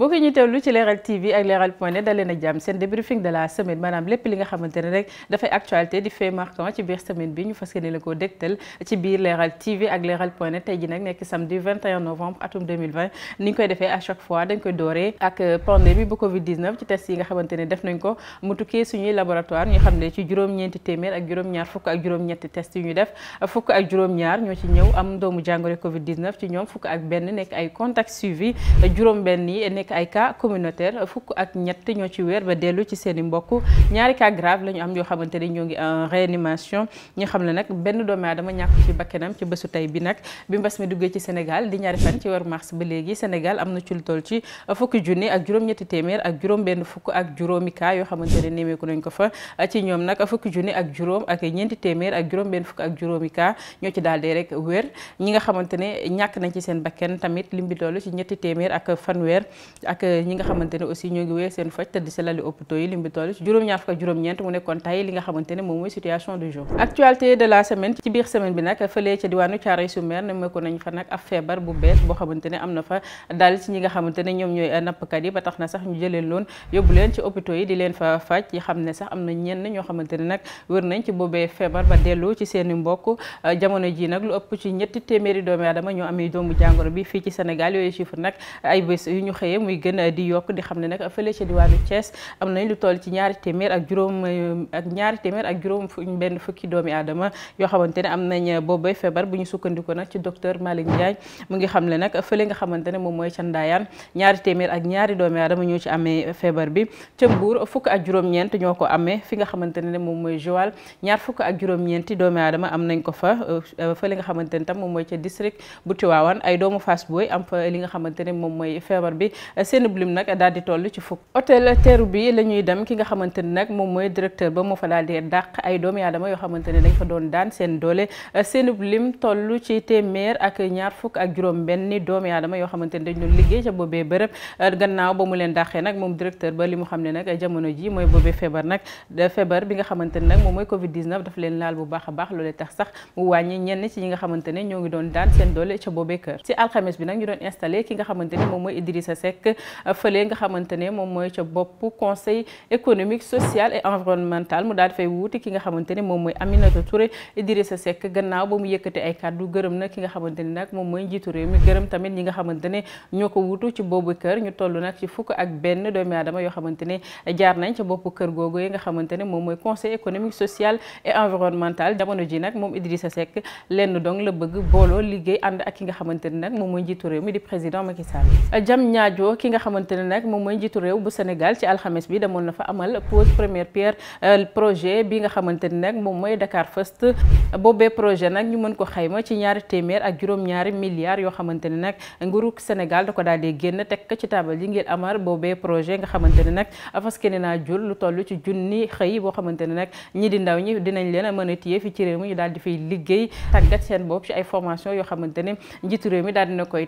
mbokk ñuy teewlu ci leeral TV ak leeral point net jàmm seen débriefing de la semaine maanaam lépp li nga xamante ne rek dafay actualité di fait marquant ci biir semaine bi ñu fas yéene la ko dégtal ci biir leeral TV ak leeral point nekk samedi novembre atum 2020 koy defee à chaque fois dañ koy dooree ak pandémie bu Covid 19 ci test yi nga xamante def nañ ko mu tukkee suñuy laboratoire ñu xam ne ci juróom-ñeenti téeméer ak juróom-ñaar fukk ñoo ci ñëw am doomu ay cas communautaire fukk ak ñett ñoo ci weer ba dellu ci seen mbokk ñaari cas grave la ñu am yoo xamante ni ñoo ngi en réanimation ñi xam ne nag benn doomu aadama ñàkk ci bakkanam ci bésu tey bi nag bi mbas mi duggee ci Sénégal di ñaari fan ci weeru mars ba léegi Sénégal am na ci lu toll ci fukki junni ak juróom téeméer ak juróom benn fukk ak juróomi yoo xamante ne néemeeku nañ ko fa ci ñoom nag fukki junni ak juróom ak ñeenti téeméer ak juróom fukk ak juróomi cas ñoo ci daal dee rek wér ñi xamante ne ñàkk nañ ci seen bakkan tamit lim bi toll ci ñetti téeméer ak fanweer ak ñi nga xamante ne aussi ñoo ngi wéy seen faj tëdd si lali hôpitaux yi lim ci juróom-ñaar fukk ak juróom-ñeent mu nekkoon tey li nga xamante ne moom mooy situation du jour actualité de la semaine ci biir semaine bi nag fële ca am na fa daal ci nga xamante ne ñoom ñooy nappkat yi ba tax na sax ñu jëleen loon yóbbu leen ci hôpitaux yi di leen fa faj yi xam ne sax am na ñenn ñoo xamante ne nag wër nañ ci boobee feebar ba dellu ci seeni mbokk jamono ji nag lu ëpp ci ñetti téeméeri doomi aadama ñoo amee doomu jàngoro bi fii ci Sénégal yooyu chiffre nag ay bés yu ñu xëyee muy gën di yokk di xam ne nag fële ca am nañ lu toll ci ñaari téeméer ak juróom ak ñaari téeméer ak juróom benn fukki doomi aadama yoo xamante ne am nañ boobay feebar bu ñu sukkandiko nag ci docteur Malick Ndiaye mu ngi xam ne nag fële nga xamante ne moom mooy ca Ndayane ñaari téeméer ñaari doomi aadama ñoo ci amee feebar bi ca Mbour ak juróom-ñeent ñoo amee fi nga xamante ne moom mooy Joal ñaar ak juróom-ñeenti doomi aadama am nañ ko fa euh, fële nga xamante ne tam moom mooy ca district bu Tiwaawan ay doomu Fass Boy am fa li nga xamante ne moom mooy feebar bi seen lim nag daal di toll ci fukk hôtel teeru bi la ñuy dem ki nga xamante ni nag moom mooy directeur ba mu fa daal di dàq ay doomi aadama yoo xamante ne dañ fa doon daan seen doole seen lim toll ci téeméer ak ñaar fukk ak juróom benn doomi aadama yoo xamante ne dañ doon liggéey ca boobee bërëb gannaaw ba mu leen dàqee nag moom directeur ba li mu xam ne nag jamono ji mooy boobee feebar nag feebar bi nga xamante ne nag moom mooy covid 19 daf leen laal bu baax a baax loolee tax sax mu wàññi ñenn ci ñi nga xamante ne ñoo ngi doon daan seen doole ca boobee kër ci alxames bi nag ñu doon installé ki nga xamante ne moom mooy Idrissa Seck nekk euh, fële nga xamante ne moom mooy ca bopp conseil économique social et environnemental mu daal di fay wuuti ki nga xamante ne moom mooy Aminata Touré Idrissa Seck gannaaw ba mu yëkkati ay kàddu gërëm na ki nga xamante ne nag moom mooy njiitu réew mi gërëm tamit ñi nga xamante ne ñoo ko wuutu ci kër ñu toll nag ci fukk ak benn doomi aadama yoo xamante ne jaar nañ ca bopp kër googu yi nga xamante ne moom mooy conseil économique social et environnemental jamono ji nag moom sa Seck lenn dong la bëgg booloo liggéey ànd ak ki nga xamante ne nag moom mooy njiitu réew mi di président Macky Sall jam ñaajoo ki nga xamante ne nag moom mooy njiitu réew bu Sénégal ci alxames bi demoon na fa amal pose première pierre euh, projet bi nga xamante nag moom mooy Dakar First boobee projet nag ñu mën ko xayma ci ñaari téeméer ak juróom-ñaari milliards yoo xamante ne nag nguuru Sénégal da ko daal di génn teg ci taabal yi ngir amar boobee projet nga xamante ne nag fas kene naa jur lu toll ci junni xëy boo xamante ne nag ñi di ndaw ñi dinañ leen a mën a téye ci réew daal di fay liggéey tàggat seen bopp ci ay formation ne njiitu réew mi daal dina koy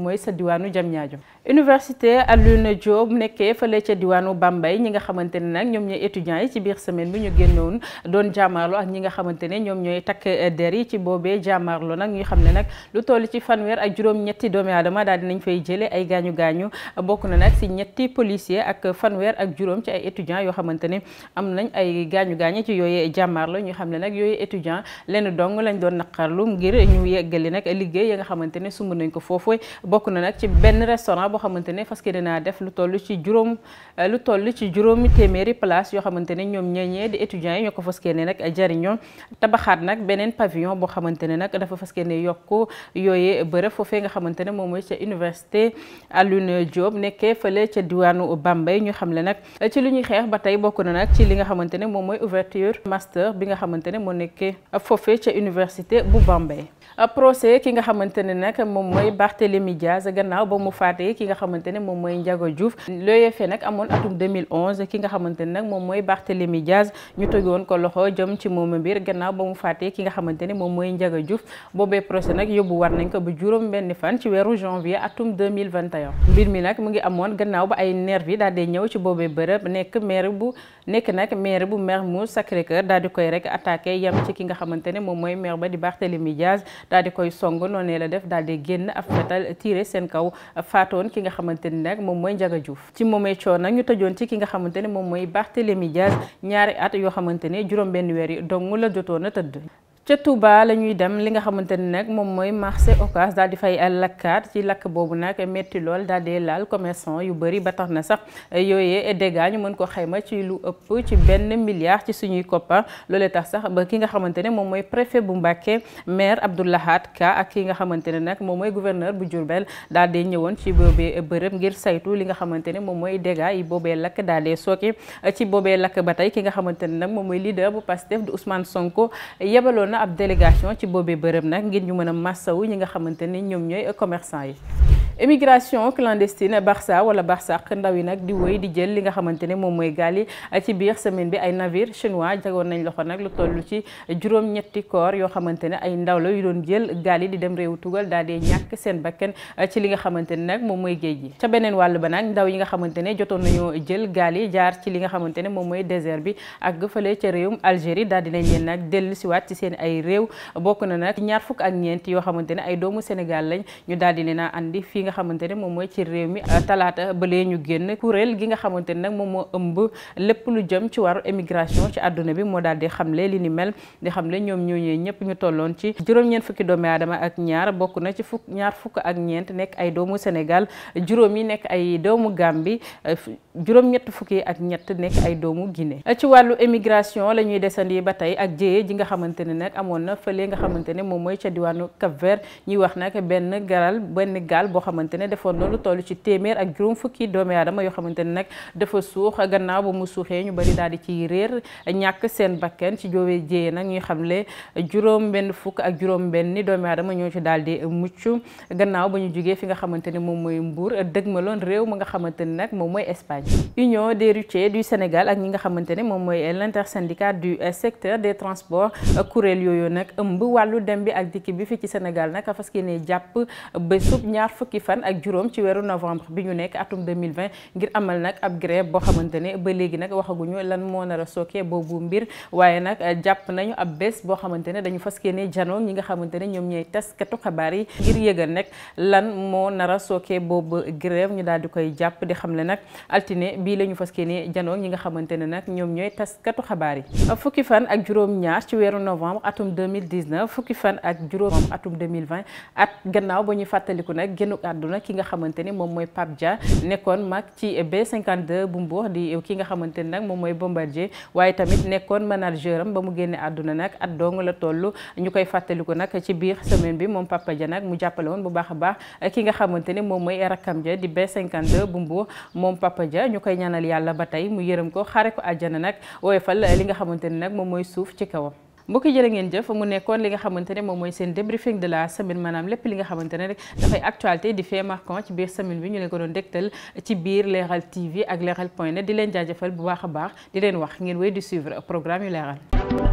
mooy sa diwaanu jam Diamniadio université Alioune Diop nekkee fële ca diwaanu Bambey ñi nga xamante ne nag ñoom ñooy étudiants yi ci biir semaine bi ñu génnoon doon jàmmaarlo ak ñi nga xamante ne ñoom ñooy takk der yi ci boobee jàmmaarlo nag ñu xam ne nag lu toll ci fanweer ak juróom-ñetti doomi aadama daal dinañ fay jëlee ay gaañu gaañu bokk na nag si ñetti policier ak fanweer ak juróom ci ay étudiants yoo xamante ne am nañ ay gaañu gaañu ci yooyu jàmmaarlo ñu xam ne nag yooyu étudiant lenn dong lañ doon naqarlu ngir ñu yeggali nag liggéey ya nga xamante ne sumb nañ ko foofu bokk na nag ci benn benn restaurant boo xamante ne fas yéene naa def lu toll ci juróom lu toll ci juróomi téeméeri place yoo xamante ne ñoom ñeeñee di étudiants yi ñoo ko fas yéene nag jariñoo tabaxaat nag beneen pavillon boo xamante ne nag dafa fas yéene yokk yooyee bërëb foofee nga xamante ne moom mooy ca université Alioune Diop nekkee fële ca diwaanu Bambey ñu xam le nag ci lu ñuy xeex ba tey bokk na nag ci li nga xamante ne moom mooy ouverture master bi nga xamante ne moo nekkee foofee ca université bu Bambey moom mooy Barthélémy Diaz gannaaw mu faatee ki nga xamante ne moom mooy Ndiaga Diouf l'OFP e nag amoon atum 2011 ki nga xamante ne nag moom mooy Barthélémy Diaz ñu tëjoon ko loxo jëm ci moom mbir gannaaw ba mu faatee ki nga xamante ne moom mooy Ndiaga Diouf boobee procès nag war nañ ko bu juróom benn ci weeru janvier atum 2021 mbir mi nag mu ngi amoon gannaaw ba ay nervi daal di ñëw ci boobee bërëb nekk maire bu nekk nag maire bu Mermoz Sacré-Cœur daal di koy rek attaqué yam ci ki nga xamante ne moom mooy maire ba di Barthélémy Diaz daal di koy song noonee la def daal di génn ab fetal seen kaw faatoon ki nga xamante ni nag moom mooy njaga Diouf ci moom coon nag ñu tëjoon ci ki nga xamante ne moom mooy Barthélémy Dias ñaari at yoo xamante ne juróom benn weer yi dong la jotoon a tëdd ca Touba la ñuy dem li nga xamante ni nag moom mooy marché Ocass daal di fay lakkaat ci lakk boobu nag métti lool daal di laal commerçant yu bëri ba tax na sax yooyee dégâts ñu mën ko xayma ci lu ëpp ci benn milliard ci suñuy koppa loolee tax sax ba ki nga xamante ne moom mooy préfet bu Mbacké maire Abdou Lahad Ka ak ki nga xamante ne nag moom mooy gouverneur bu Diourbel daal di ñëwoon ci boobee bërëb ngir saytu li nga xamante ne moom mooy dégâts yi boobee lakk daal di sooki ci boobee lakk ba tey ki nga xamante ne nag moom mooy leader bu Pastef du ab délégation ci boobee bërëm nag ngir ñu mën a wu ñi nga xamante ni ñoom ñooy commerçant yi émigration clandestine Barça wala Barsaq ndaw yi nag di wéy di jël li nga xamante ne moom mooy gaal yi ci biir semaine bi ay navir chinois jagoon nañ loxo nag lu toll ci juróom-ñetti koor yoo xamante ne ay ndaw yu doon jël gaal yi di dem réewu tugal daal di ñàkk seen bakkan ci li nga xamante ne nag moom mooy géej yi ca beneen wàll ba nag ndaw yi nga xamante ne jotoon nañoo jël gaal yi jaar ci li nga xamante ne moom mooy désert bi ak fële ca réewum Algérie daal dinañ leen nag dellu siwaat ci seen ay réew bokk na nag ñaar fukk ak ñeent yoo xamante ne ay doomu Sénégal lañ nga xamante ne moom mooy ci réew mi euh, talaata ba lee ñu génn kuréel gi nga xamante ne nag moom moo ëmb lépp lu jëm ci wàllu émigration ci àdduna bi moo daal di xamle li ni mel di xamle ñoom ñooñee ñëpp ñu tolloon ci juróom-ñeent fukki ak ñaar bokk na ci fukk ñaar fukk ak ñeent nekk ay doomu Sénégal juróom yi nekk ay doomu Gambie euh, juróom-ñett fukki ak ñett nekk ay doomu Guinée ci wàllu émigration la ñuy desandi ba tey ak jéyee ji nga xamante ne nag amoon na fële nga xamante ne moom mooy ca diwaanu Cap-Vert ñuy wax nag benn garal benn gaal boo xamante ne defoon na lu toll ci téeméer ak juróom fukki doomi aadama yoo xamante nag dafa suux gannaaw ba mu suuxee ñu bari daal di ciy réer ñàkk seen bakken ci joowee jéyee nag ñuy xamle juróom benn fukk ak juróom benn ni doomi dama ñoo ci daal di mucc gannaaw ba ñu jógee fi nga xamante ne moom mooy ma dëgmaloon réew ma nga xamante ne nag moom mooy Espagne Union des routiers du Sénégal ak ñi nga xamante ne moom mooy l'intersyndicat du secteur des transports kuréel yooyu nag ëmb wàllu dem ak dikki bi fii ci Sénégal fukki fan ak juróom ci weeru novembre bi ñu nekk atum 2020 ngir amal nag ab grève boo xamante ne ba léegi nag waxaguñu lan moo nar a sooke boobu mbir waaye nag jàpp nañu ab bés boo xamante ne dañu faskee yéene janoo ñi nga xamante ne ñoom ñooy taskatu xabaar yi ngir yëgal lan moo nar a sooke boobu grève ñu daal di koy jàpp di xam le nag altine bii la ñu fas yéene janoo ñi nga xamante ne nag ñoom ñooy taskatu xabaar yi fukki fan ak juróom ñaar ci weeru novembre atum 2019 fukki fan ak juróom atum 2020 at gannaaw ba ñu fàttaliku nag génn kàddu na ki nga xamante ni moom mooy Pape Dia nekkoon mag ci B52 bu Mbour di ki nga xamante ni nag moom mooy Bombardier waaye tamit nekkoon manager am ba mu génne àdduna nag at la toll ñu koy fàttaliku nag ci biir semaine bi moom Papa ja nag mu jàppale bu baax a baax ki nga xamante ni moom mooy rakkam ja di B52 bu Mbour moom Papa Dia ñu koy ñaanal yàlla ba tey mu yërëm ko xare ko àjjana nag woyofal li nga xamante ni nag moom mooy suuf ci kawam mbokki jërë ngeen jëf mu nekkoon li nga xamante ne moom mooy seen débriefing de la semaine maanaam lépp li nga xamante ne rek dafay actualité di fait marquant ci biir semaine bi ñu leen ko doon dégtal ci biir Leral TV ak Leral point net di leen jaajëfal bu baax a baax di leen wax ngeen wéy di suivre programme yu Leral